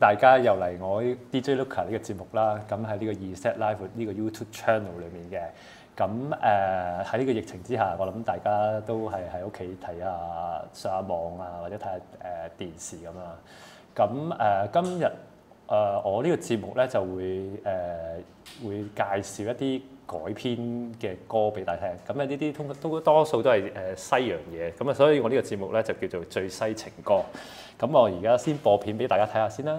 大家又嚟我 DJ Luka 呢個節目啦，咁喺呢個 ZLive 呢個 YouTube Channel 裏面嘅，咁誒喺呢個疫情之下，我諗大家都係喺屋企睇下上下網啊，或者睇下誒、呃、電視咁啊，咁誒、呃、今日誒、呃、我呢個節目咧就會誒、呃、會介紹一啲改編嘅歌俾大家聽，咁啊呢啲通通、通多數都係誒、呃、西洋嘢，咁啊所以我呢個節目咧就叫做最西情歌，咁我而家先播片俾大家睇下先啦。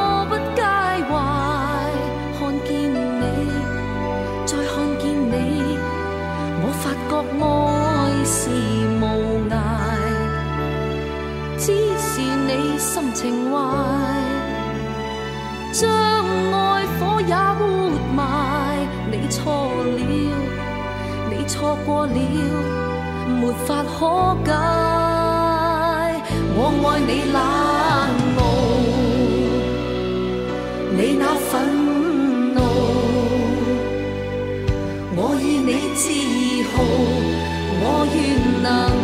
情懷，將愛火也活埋。你錯了，你錯過了，沒法可解。 我愛你冷傲，你那憤怒，我以你自豪，我願能。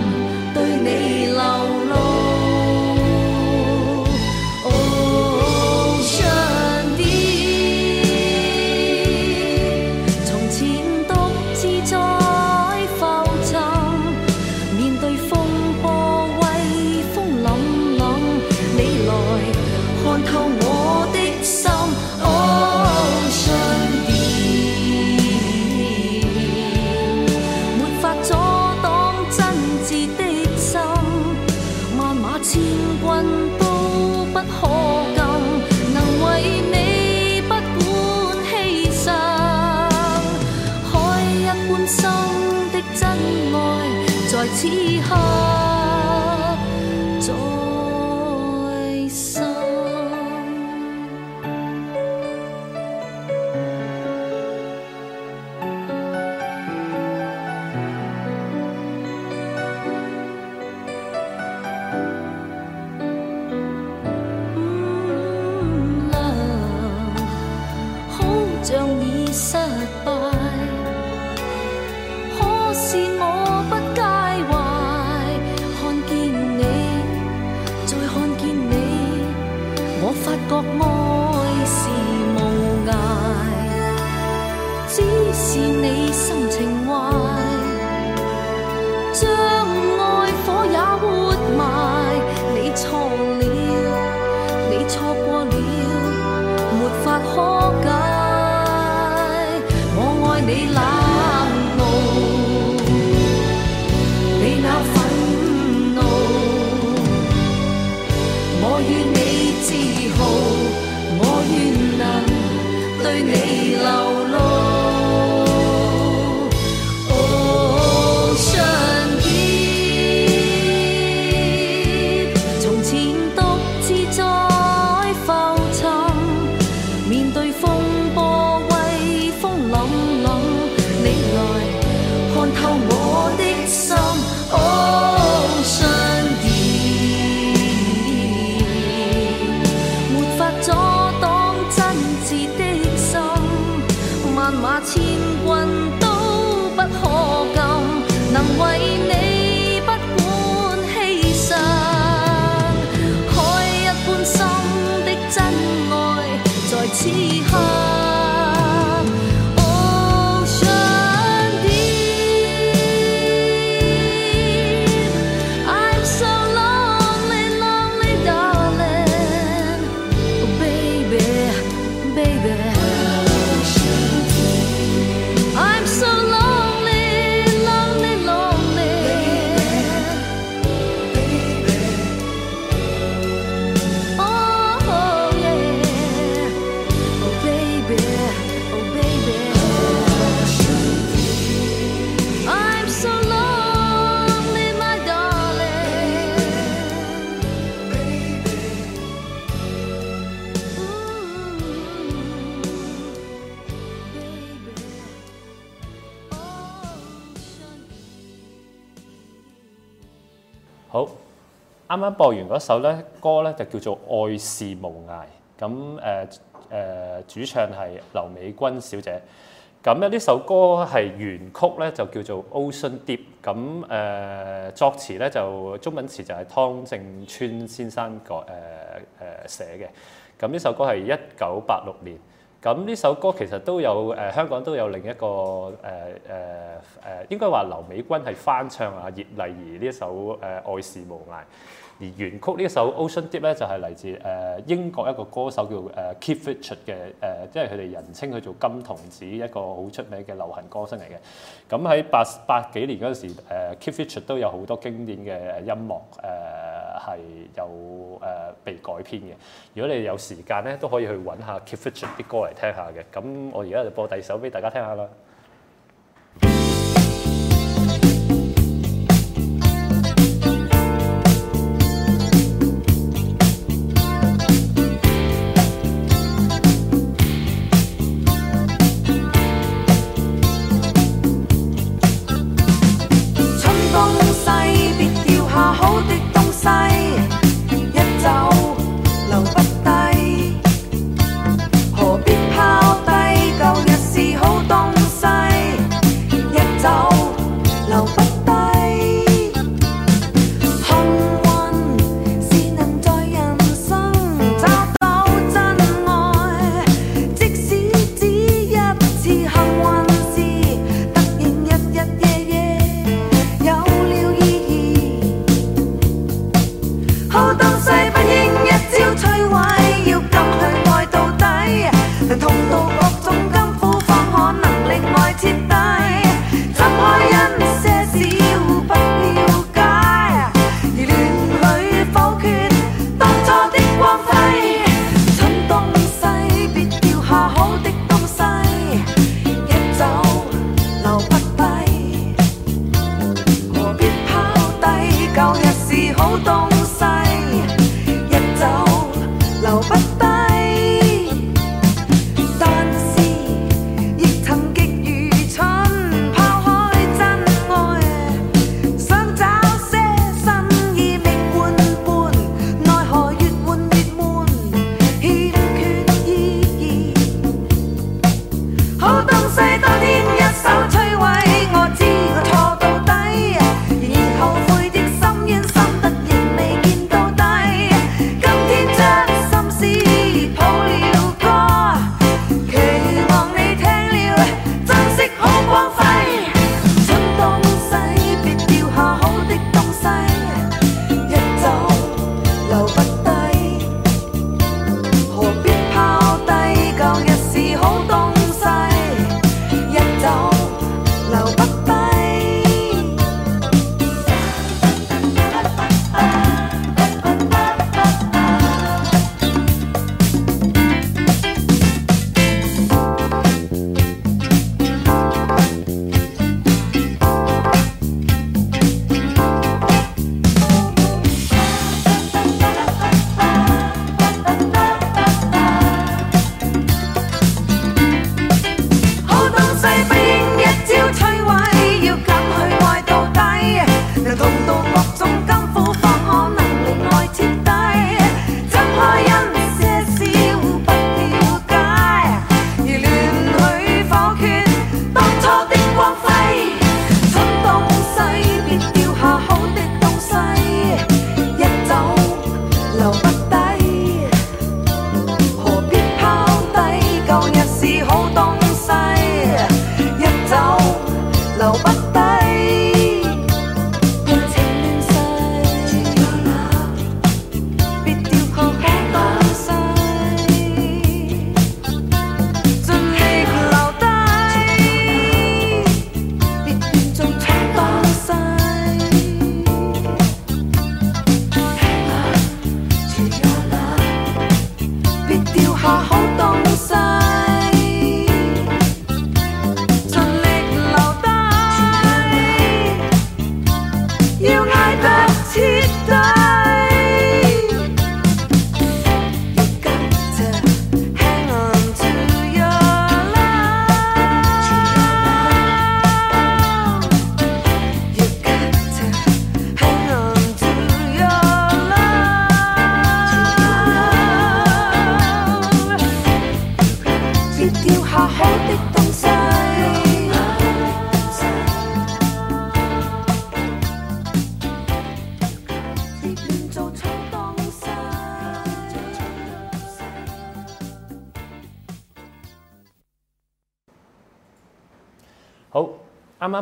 啱啱播完嗰首咧歌咧就叫做《愛是無涯》，咁誒誒主唱係劉美君小姐。咁咧呢首歌係原曲咧就叫做《Ocean Deep》，咁誒作詞咧就中文詞就係湯正川先生個誒誒寫嘅。咁呢首歌係一九八六年。咁呢首歌其實都有誒香港都有另一個誒誒誒，應該話劉美君係翻唱啊葉麗儀呢一首誒《愛是無涯》。而原曲呢一首《Ocean Deep》咧，就係、是、嚟自誒、呃、英國一個歌手叫誒、呃、Cliff Richard 的誒，即係佢哋人稱佢做金童子，一個好出名嘅流行歌星嚟嘅。咁喺八八幾年嗰陣時、呃、Cliff Richard 都有好多經典嘅音樂誒，係、呃、有誒、呃、被改編嘅。如果你有時間咧，都可以去揾下 Cliff Richard 啲歌嚟聽下嘅。咁我而家就播第二首俾大家聽下啦。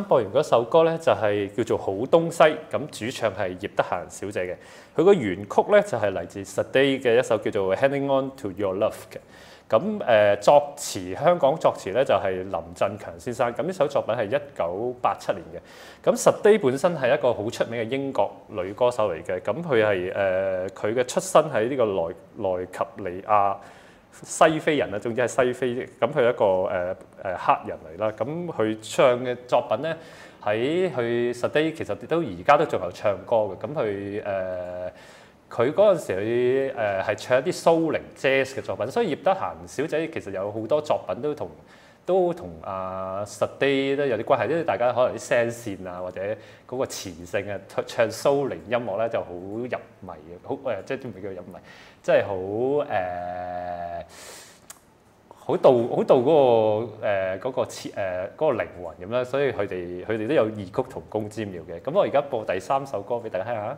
播完嗰首歌咧，就係叫做好東西。咁主唱係葉德嫻小姐嘅，佢個原曲咧就係嚟自 Sade 嘅一首叫做《Hanging On To Your Love》嘅。咁、嗯、誒作詞香港作詞咧就係林振強先生。咁呢首作品係一九八七年嘅。咁、嗯、Sade 本身係一個好出名嘅英國女歌手嚟嘅。咁佢係誒佢嘅出身喺呢個內內及利亞。西非人啊，總之係西非，咁佢一個誒誒、呃呃、黑人嚟啦，咁佢唱嘅作品咧，喺佢 today 其實都而家都仲有唱歌嘅，咁佢誒佢嗰陣時佢誒係唱一啲蘇寧 jazz 嘅作品，所以葉德嫻小姐其實有好多作品都同。都同啊實啲都有啲關係，因為大家可能啲聲線啊，或者嗰個磁性啊，唱唱蘇寧音樂咧就好入迷啊，好誒、哎，即係都唔叫入迷，即係好誒，好到好導嗰個誒嗰、呃嗰個磁誒、呃嗰個呃嗰個、靈魂咁啦，所以佢哋佢哋都有異曲同工之妙嘅。咁我而家播第三首歌俾大家聽下。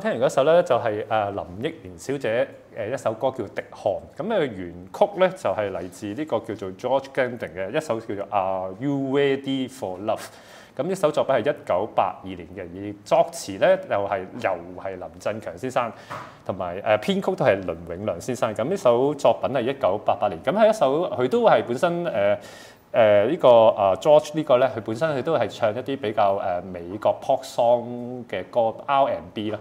聽完嗰首咧，就係誒林憶蓮小姐誒一首歌叫《滴汗》，咁咧原曲咧就係嚟自呢個叫做 George Gendin 嘅一首叫做《Are You Ready for Love》。咁呢首作品係一九八二年嘅，而作詞咧又係又係林振強先生，同埋誒編曲都係倫永亮先生。咁呢首作品係一九八八年。咁係一首佢都係本身誒誒呢個啊 George 呢個咧，佢本身佢都係唱一啲比較誒美國 Pop Song 嘅歌 R&B 啦。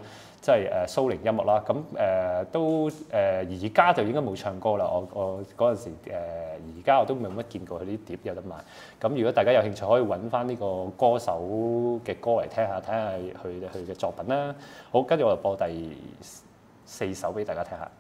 即係誒蘇寧音樂啦，咁、呃、誒都誒而家就應該冇唱歌啦。我我嗰陣時而家、呃、我都冇乜見過佢啲碟有得賣。咁如果大家有興趣，可以揾翻呢個歌手嘅歌嚟聽下，睇下佢佢嘅作品啦。好，跟住我就播第四首俾大家聽下。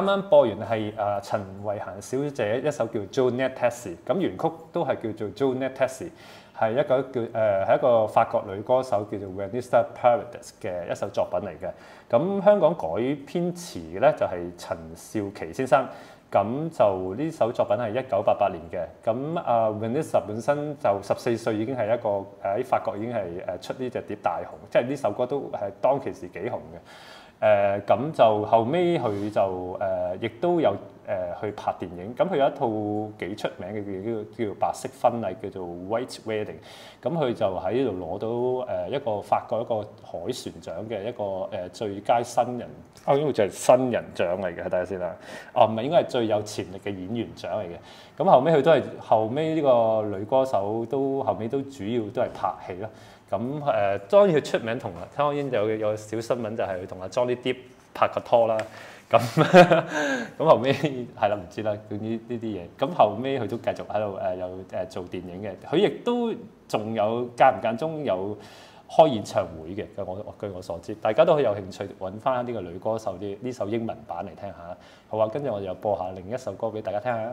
啱啱播完係啊、呃、陳慧嫻小姐一首叫 Joe Le Taxi，t 咁、嗯、原曲都係叫做 Joe Le Taxi，t 係一個叫誒係、呃、一個法國女歌手叫做 Vanessa Paradis 嘅一首作品嚟嘅。咁、嗯、香港改編詞咧就係、是、陳少琪先生。咁、嗯、就呢首作品係一九八八年嘅。咁、嗯、啊、呃、Vanessa 本身就十四歲已經係一個誒喺法國已經係誒、呃、出呢隻碟大紅，即係呢首歌都係當其時幾紅嘅。誒咁、呃、就後尾，佢就誒亦都有誒、呃、去拍電影，咁佢有一套幾出名嘅叫叫白色婚禮，叫做 White Wedding。咁佢就喺呢度攞到誒一個法國一個海船獎嘅一個誒、呃、最佳新人，哦，應該就係新人獎嚟嘅，睇下先啦。哦，唔係應該係最有潛力嘅演員獎嚟嘅。咁後尾，佢都係後尾呢個女歌手都後尾都主要都係拍戲咯。咁誒當然佢出名同，英就有有小新聞就係佢同阿 Johnny Depp 拍個拖啦。咁、嗯、咁、嗯、後尾，係啦，唔知啦，呢呢啲嘢。咁後尾，佢都繼續喺度誒，有、呃、誒做電影嘅。佢亦都仲有間唔間中有開演唱會嘅。我據我所知，大家都好有興趣揾翻呢個女歌手啲呢首英文版嚟聽下。好啊，跟住我又播下另一首歌俾大家聽下。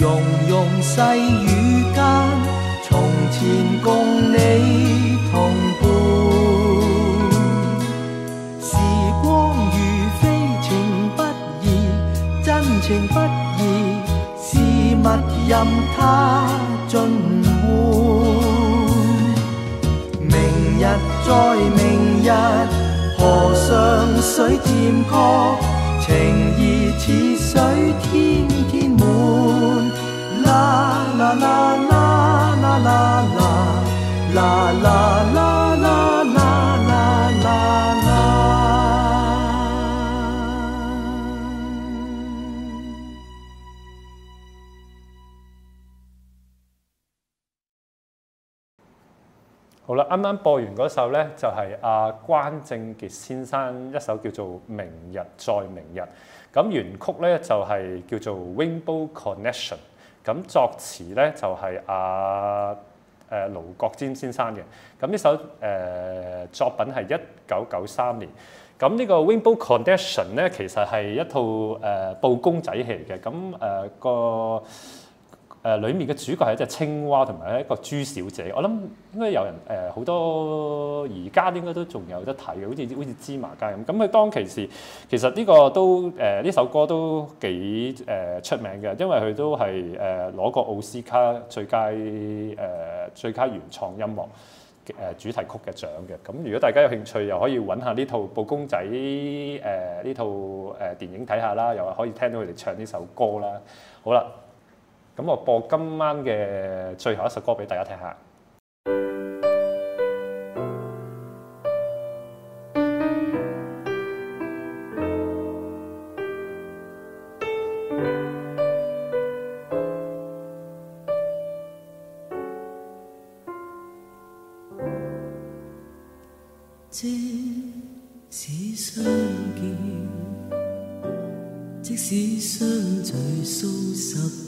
融融細雨間，從前共你同伴。時光如飛，情不移，真情不移，事物任它盡換。明日再明日，河上水漸闊。情意似水，天天滿。啦啦啦啦啦啦啦，啦啦啦。啦啦啦啦啱啱播完嗰首咧，就係阿關正傑先生一首叫做《明日再明日》，咁原曲咧就係叫做《Rainbow Connection》，咁作詞咧就係阿誒盧國沾先生嘅，咁呢首誒作品係一九九三年，咁呢個《Rainbow Connection》咧其實係一套誒布公仔戲嚟嘅，咁誒個。誒、呃，裡面嘅主角係一隻青蛙同埋一個豬小姐。我諗應該有人誒，好、呃、多而家應該都仲有得睇嘅，好似好似芝麻街咁。咁、嗯、佢當其時，其實呢個都誒呢、呃、首歌都幾誒、呃、出名嘅，因為佢都係誒攞過奧斯卡最佳誒、呃、最佳原創音樂嘅誒、呃、主題曲嘅獎嘅。咁、嗯、如果大家有興趣，又可以揾下呢套《布公仔》誒呢套誒電影睇下啦，又可以聽到佢哋唱呢首歌啦。好啦。咁我播今晚嘅最後一首歌俾大家聽下。即使相見，即使相聚疏失。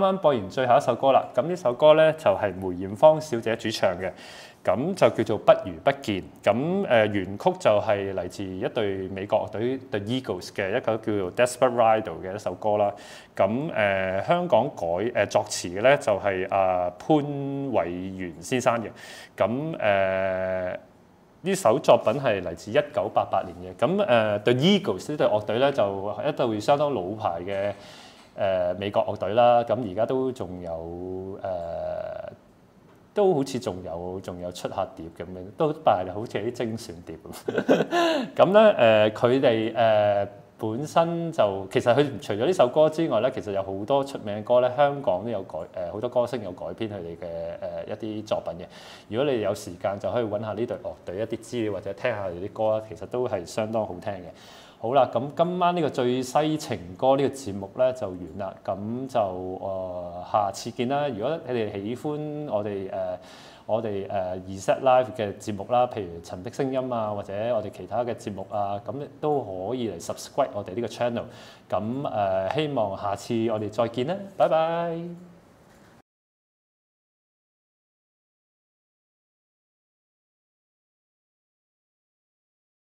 今晚播完最後一首歌啦，咁呢首歌咧就係梅艷芳小姐主唱嘅，咁就叫做《不如不見》。咁誒原曲就係嚟自一隊美國樂隊 The Eagles 嘅一個叫做《Desperado》嘅一首歌啦。咁誒香港改誒作詞咧就係阿潘偉源先生嘅。咁誒呢首作品係嚟自一九八八年嘅。咁誒 The Eagles 呢隊樂隊咧就一隊相當老牌嘅。誒、呃、美國樂隊啦，咁而家都仲有誒、呃，都好似仲有仲有出下碟咁樣，都但係好似啲精選碟咁。 咁咧誒，佢哋誒本身就其實佢除咗呢首歌之外咧，其實有好多出名嘅歌咧，香港都有改誒，好、呃、多歌星有改編佢哋嘅誒一啲作品嘅。如果你有時間就可以揾下呢隊樂隊一啲資料或者聽下佢哋啲歌啦，其實都係相當好聽嘅。好啦，咁今晚呢、這個最西情歌呢、這個節目呢就完啦，咁就誒、呃、下次見啦。如果你哋喜歡我哋誒、呃、我哋誒 ZLive 嘅節目啦，譬如《陳的聲音》啊，或者我哋其他嘅節目啊，咁咧都可以嚟 subscribe 我哋呢個 channel。咁誒、呃、希望下次我哋再見啦，拜拜。